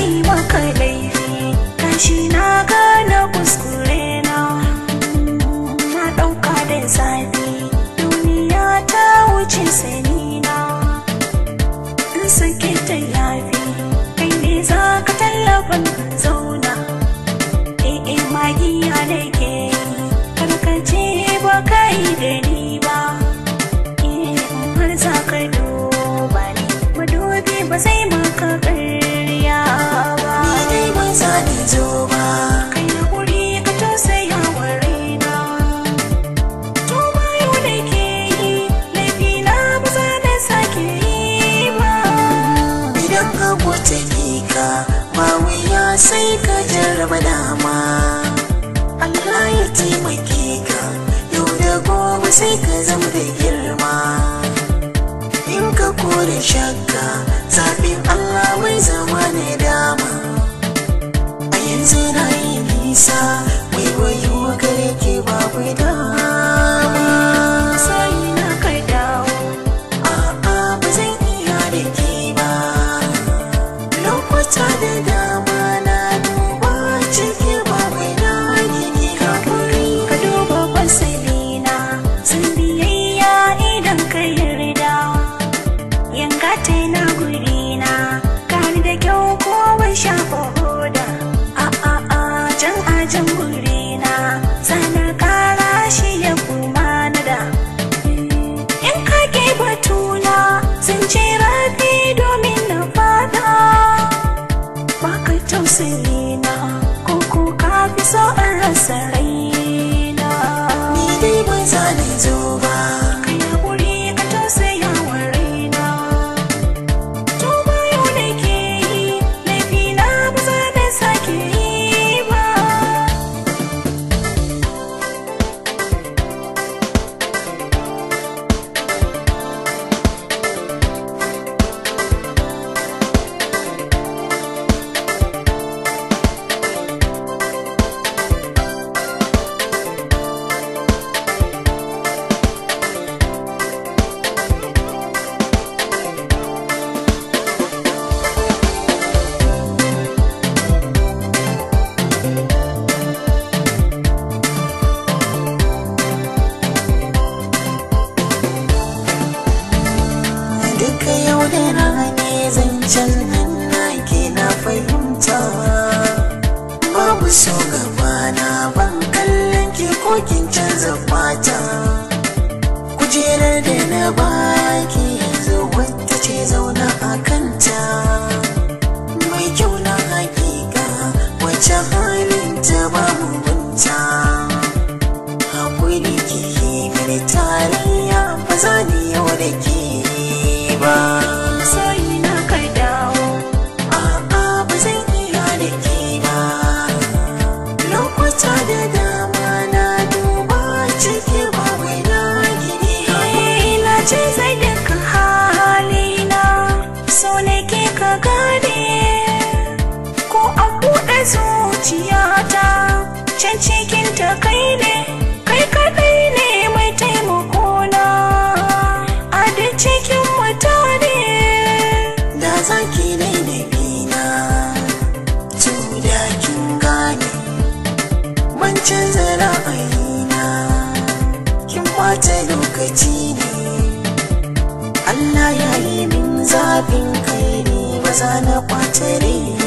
yi maka laifi kashi na gane kuskure na na ɗauka da zafi duniya ta wuce sani na in sake ta yafi kai ne za ka tallafin zauna eh, eh magiya da ke taimake ka yau da gobe sai ka zama da girma in ka kore shakka zaɓin Allah mai zama ne dama a yanzu na yi nisa waiwayo gare babu dama usilina ko ko ka fi rasa raina ni dai ban zane zo ba jalmin naki na fahimta babu so gabana ban kallon ki ko kin canza fata kujerar da na baki zo wata ce zauna a kanta mai kyau na hakika wace halin ta babu bunta hakuri ki yi mini tarayya ba za ni yau da ke ba canza ra'ayina kin ɓata lokaci ne Allah ya yi min zafin kai ne ba za na ɓata raina